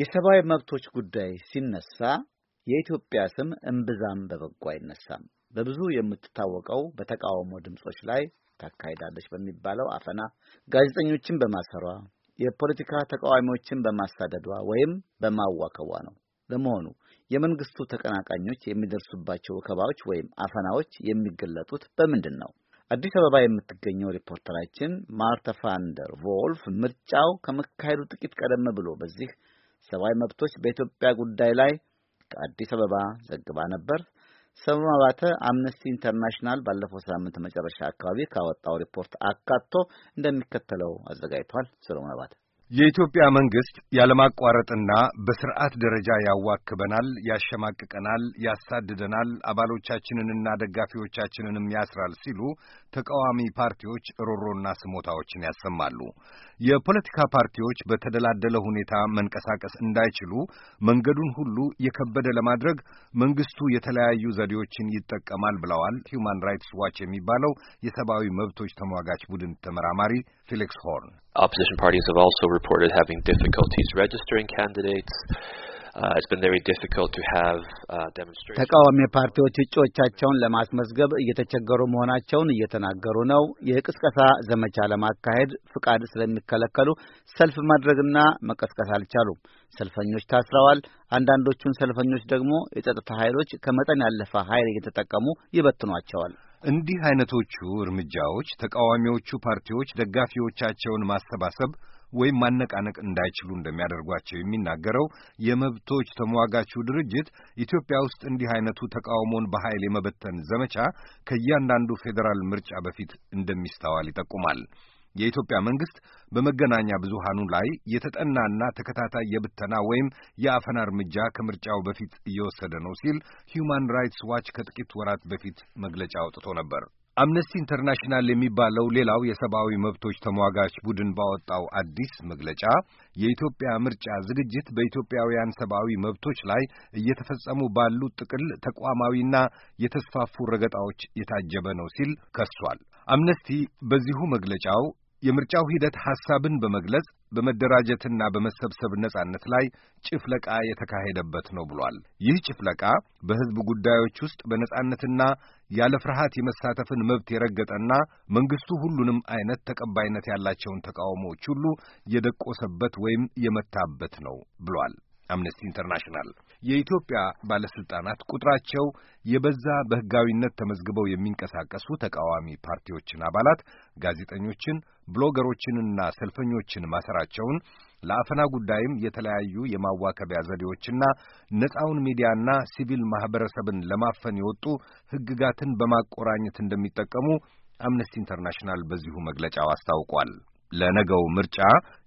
የሰብአዊ መብቶች ጉዳይ ሲነሳ የኢትዮጵያ ስም እምብዛም በበጎ አይነሳም። በብዙ የምትታወቀው በተቃውሞ ድምጾች ላይ ታካሂዳለች በሚባለው አፈና፣ ጋዜጠኞችን በማሰሯ፣ የፖለቲካ ተቃዋሚዎችን በማሳደዷ ወይም በማዋከቧ ነው። ለመሆኑ የመንግስቱ ተቀናቃኞች የሚደርሱባቸው ወከባዎች ወይም አፈናዎች የሚገለጡት በምንድን ነው? አዲስ አበባ የምትገኘው ሪፖርተራችን ማርታ ፋንደር ቮልፍ ምርጫው ከመካሄዱ ጥቂት ቀደም ብሎ በዚህ ሰብአዊ መብቶች በኢትዮጵያ ጉዳይ ላይ ከአዲስ አበባ ዘግባ ነበር። ሰለሞን አባተ አምነስቲ ኢንተርናሽናል ባለፈው ሳምንት መጨረሻ አካባቢ ካወጣው ሪፖርት አካቶ እንደሚከተለው አዘጋጅቷል። ሰለሞን አባተ የኢትዮጵያ መንግስት ያለማቋረጥና በስርዓት ደረጃ ያዋክበናል፣ ያሸማቅቀናል፣ ያሳድደናል፣ አባሎቻችንንና ደጋፊዎቻችንንም ያስራል ሲሉ ተቃዋሚ ፓርቲዎች ሮሮና ስሞታዎችን ያሰማሉ። የፖለቲካ ፓርቲዎች በተደላደለ ሁኔታ መንቀሳቀስ እንዳይችሉ መንገዱን ሁሉ የከበደ ለማድረግ መንግስቱ የተለያዩ ዘዴዎችን ይጠቀማል ብለዋል ሂዩማን ራይትስ ዋች የሚባለው የሰብአዊ መብቶች ተሟጋች ቡድን ተመራማሪ ፊሊክስ ሆርን። ኦፖዚሽን ፓርቲስ have አልሶ reported ሃቪንግ ዲፊኩልቲስ registering ካንዲዴትስ Uh, uh, ተቃዋሚ ፓርቲዎች እጩዎቻቸውን ለማስመዝገብ እየተቸገሩ መሆናቸውን እየተናገሩ ነው። የቅስቀሳ ዘመቻ ለማካሄድ ፍቃድ ስለሚከለከሉ ሰልፍ ማድረግና መቀስቀስ አልቻሉም። ሰልፈኞች ታስረዋል። አንዳንዶቹን ሰልፈኞች ደግሞ የጸጥታ ኃይሎች ከመጠን ያለፈ ኃይል እየተጠቀሙ ይበትኗቸዋል። እንዲህ አይነቶቹ እርምጃዎች ተቃዋሚዎቹ ፓርቲዎች ደጋፊዎቻቸውን ማሰባሰብ ወይም ማነቃነቅ እንዳይችሉ እንደሚያደርጓቸው የሚናገረው የመብቶች ተሟጋቹ ድርጅት ኢትዮጵያ ውስጥ እንዲህ አይነቱ ተቃውሞን በኃይል የመበተን ዘመቻ ከእያንዳንዱ ፌዴራል ምርጫ በፊት እንደሚስተዋል ይጠቁማል። የኢትዮጵያ መንግስት በመገናኛ ብዙሃኑ ላይ የተጠናና ተከታታይ የብተና ወይም የአፈና እርምጃ ከምርጫው በፊት እየወሰደ ነው ሲል ሂዩማን ራይትስ ዋች ከጥቂት ወራት በፊት መግለጫ አውጥቶ ነበር። አምነስቲ ኢንተርናሽናል የሚባለው ሌላው የሰብአዊ መብቶች ተሟጋች ቡድን ባወጣው አዲስ መግለጫ የኢትዮጵያ ምርጫ ዝግጅት በኢትዮጵያውያን ሰብአዊ መብቶች ላይ እየተፈጸሙ ባሉ ጥቅል ተቋማዊና የተስፋፉ ረገጣዎች የታጀበ ነው ሲል ከሷል። አምነስቲ በዚሁ መግለጫው የምርጫው ሂደት ሐሳብን በመግለጽ በመደራጀትና በመሰብሰብ ነጻነት ላይ ጭፍለቃ የተካሄደበት ነው ብሏል። ይህ ጭፍለቃ በሕዝብ ጉዳዮች ውስጥ በነጻነትና ያለ ፍርሃት የመሳተፍን መብት የረገጠና መንግስቱ ሁሉንም አይነት ተቀባይነት ያላቸውን ተቃውሞዎች ሁሉ የደቆሰበት ወይም የመታበት ነው ብሏል። አምነስቲ ኢንተርናሽናል የኢትዮጵያ ባለስልጣናት ቁጥራቸው የበዛ በሕጋዊነት ተመዝግበው የሚንቀሳቀሱ ተቃዋሚ ፓርቲዎችን አባላት፣ ጋዜጠኞችን፣ ብሎገሮችንና ሰልፈኞችን ማሰራቸውን ለአፈና ጉዳይም የተለያዩ የማዋከቢያ ዘዴዎችና ነፃውን ሚዲያና ሲቪል ማኅበረሰብን ለማፈን የወጡ ሕግጋትን በማቆራኘት እንደሚጠቀሙ አምነስቲ ኢንተርናሽናል በዚሁ መግለጫው አስታውቋል። ለነገው ምርጫ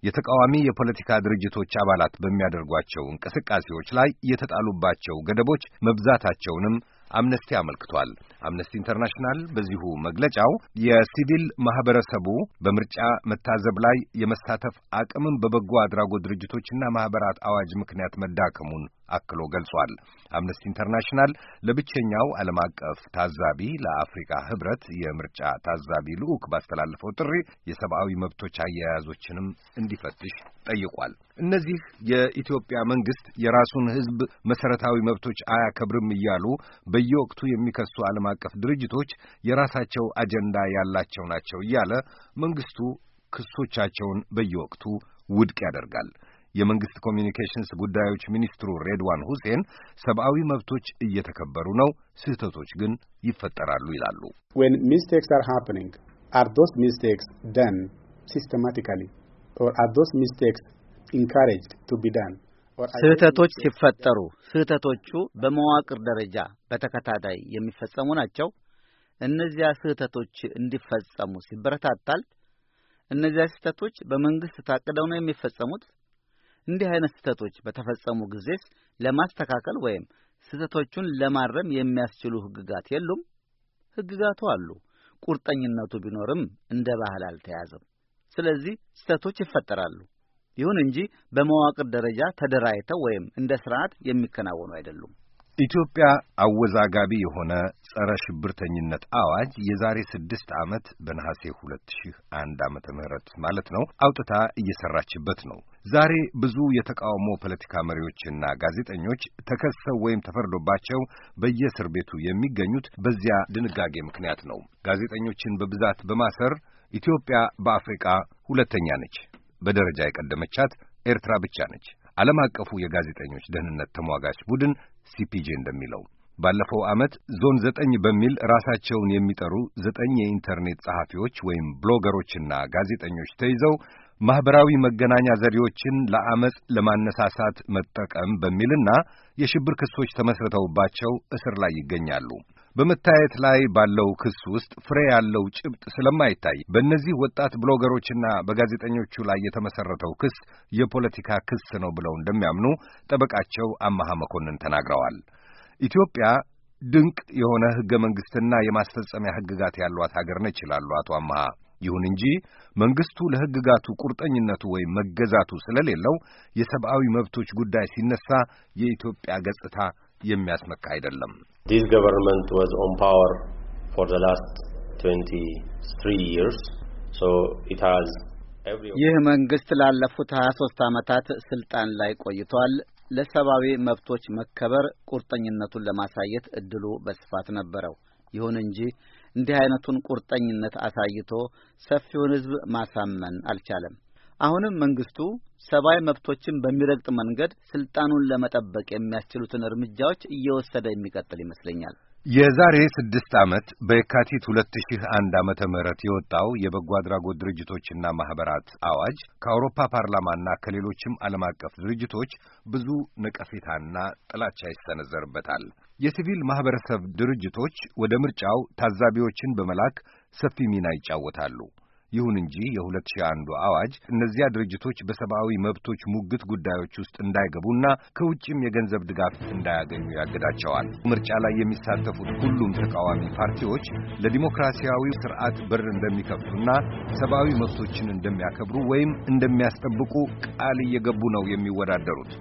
የተቃዋሚ የፖለቲካ ድርጅቶች አባላት በሚያደርጓቸው እንቅስቃሴዎች ላይ የተጣሉባቸው ገደቦች መብዛታቸውንም አምነስቲ አመልክቷል። አምነስቲ ኢንተርናሽናል በዚሁ መግለጫው የሲቪል ማህበረሰቡ በምርጫ መታዘብ ላይ የመሳተፍ አቅምም በበጎ አድራጎት ድርጅቶችና ማህበራት አዋጅ ምክንያት መዳከሙን አክሎ ገልጿል። አምነስቲ ኢንተርናሽናል ለብቸኛው ዓለም አቀፍ ታዛቢ ለአፍሪካ ህብረት የምርጫ ታዛቢ ልዑክ ባስተላለፈው ጥሪ የሰብአዊ መብቶች አያያዞችንም እንዲፈትሽ ጠይቋል። እነዚህ የኢትዮጵያ መንግስት የራሱን ህዝብ መሰረታዊ መብቶች አያከብርም እያሉ በየወቅቱ የሚከሱ ዓለም አቀፍ ድርጅቶች የራሳቸው አጀንዳ ያላቸው ናቸው እያለ መንግስቱ ክሶቻቸውን በየወቅቱ ውድቅ ያደርጋል። የመንግስት ኮሚኒኬሽንስ ጉዳዮች ሚኒስትሩ ሬድዋን ሁሴን ሰብአዊ መብቶች እየተከበሩ ነው፣ ስህተቶች ግን ይፈጠራሉ ይላሉ። ዌን ሚስቴክስ አር ሃፕኒንግ አር ዶስ ሚስቴክስ ደን ሲስተማቲካሊ ኦር አር ዶስ ሚስቴክስ ኢንካሬጅድ ቱ ቢ ስህተቶች ሲፈጠሩ ስህተቶቹ በመዋቅር ደረጃ በተከታታይ የሚፈጸሙ ናቸው። እነዚያ ስህተቶች እንዲፈጸሙ ሲበረታታል። እነዚያ ስህተቶች በመንግስት ታቅደው ነው የሚፈጸሙት። እንዲህ አይነት ስህተቶች በተፈጸሙ ጊዜስ ለማስተካከል ወይም ስህተቶቹን ለማረም የሚያስችሉ ህግጋት የሉም? ህግጋቱ አሉ። ቁርጠኝነቱ ቢኖርም እንደ ባህል አልተያዘም። ስለዚህ ስህተቶች ይፈጠራሉ። ይሁን እንጂ በመዋቅር ደረጃ ተደራጅተው ወይም እንደ ስርዓት የሚከናወኑ አይደሉም። ኢትዮጵያ አወዛጋቢ የሆነ ጸረ ሽብርተኝነት አዋጅ የዛሬ ስድስት ዓመት በነሐሴ ሁለት ሺህ አንድ ዓመተ ምህረት ማለት ነው አውጥታ እየሰራችበት ነው። ዛሬ ብዙ የተቃውሞ ፖለቲካ መሪዎችና ጋዜጠኞች ተከሰው ወይም ተፈርዶባቸው በየእስር ቤቱ የሚገኙት በዚያ ድንጋጌ ምክንያት ነው። ጋዜጠኞችን በብዛት በማሰር ኢትዮጵያ በአፍሪቃ ሁለተኛ ነች። በደረጃ የቀደመቻት ኤርትራ ብቻ ነች። ዓለም አቀፉ የጋዜጠኞች ደህንነት ተሟጋች ቡድን ሲፒጄ እንደሚለው ባለፈው ዓመት ዞን ዘጠኝ በሚል ራሳቸውን የሚጠሩ ዘጠኝ የኢንተርኔት ጸሐፊዎች ወይም ብሎገሮችና ጋዜጠኞች ተይዘው ማኅበራዊ መገናኛ ዘዴዎችን ለአመፅ ለማነሳሳት መጠቀም በሚልና የሽብር ክሶች ተመስርተውባቸው እስር ላይ ይገኛሉ። በመታየት ላይ ባለው ክስ ውስጥ ፍሬ ያለው ጭብጥ ስለማይታይ በእነዚህ ወጣት ብሎገሮችና በጋዜጠኞቹ ላይ የተመሰረተው ክስ የፖለቲካ ክስ ነው ብለው እንደሚያምኑ ጠበቃቸው አማሃ መኮንን ተናግረዋል። ኢትዮጵያ ድንቅ የሆነ ህገ መንግስትና የማስፈጸሚያ ሕግጋት ያሏት ሀገር ነች ይላሉ አቶ አማሃ። ይሁን እንጂ መንግስቱ ለህግጋቱ ቁርጠኝነቱ ወይም መገዛቱ ስለሌለው የሰብአዊ መብቶች ጉዳይ ሲነሳ የኢትዮጵያ ገጽታ የሚያስመካ አይደለም። ዲስ ገቨርንመንት ዋዝ ኦን ፓወር ፎር ዘ ላስት 23 ይርስ ሶ ኢት ሃዝ ይህ መንግስት ላለፉት 23 ዓመታት ስልጣን ላይ ቆይቷል። ለሰብአዊ መብቶች መከበር ቁርጠኝነቱን ለማሳየት እድሉ በስፋት ነበረው። ይሁን እንጂ እንዲህ አይነቱን ቁርጠኝነት አሳይቶ ሰፊውን ህዝብ ማሳመን አልቻለም። አሁንም መንግስቱ ሰብአዊ መብቶችን በሚረግጥ መንገድ ስልጣኑን ለመጠበቅ የሚያስችሉትን እርምጃዎች እየወሰደ የሚቀጥል ይመስለኛል። የዛሬ ስድስት ዓመት በየካቲት ሁለት ሺህ አንድ ምህረት የወጣው የበጎ አድራጎት ድርጅቶችና ማኅበራት አዋጅ ከአውሮፓ ፓርላማና ከሌሎችም ዓለም አቀፍ ድርጅቶች ብዙ ነቀፌታና ጥላቻ ይሰነዘርበታል። የሲቪል ማኅበረሰብ ድርጅቶች ወደ ምርጫው ታዛቢዎችን በመላክ ሰፊ ሚና ይጫወታሉ። ይሁን እንጂ የ2001 አዋጅ እነዚያ ድርጅቶች በሰብአዊ መብቶች ሙግት ጉዳዮች ውስጥ እንዳይገቡና ከውጭም የገንዘብ ድጋፍ እንዳያገኙ ያግዳቸዋል። ምርጫ ላይ የሚሳተፉት ሁሉም ተቃዋሚ ፓርቲዎች ለዲሞክራሲያዊ ስርዓት በር እንደሚከፍቱና ሰብአዊ መብቶችን እንደሚያከብሩ ወይም እንደሚያስጠብቁ ቃል እየገቡ ነው የሚወዳደሩት።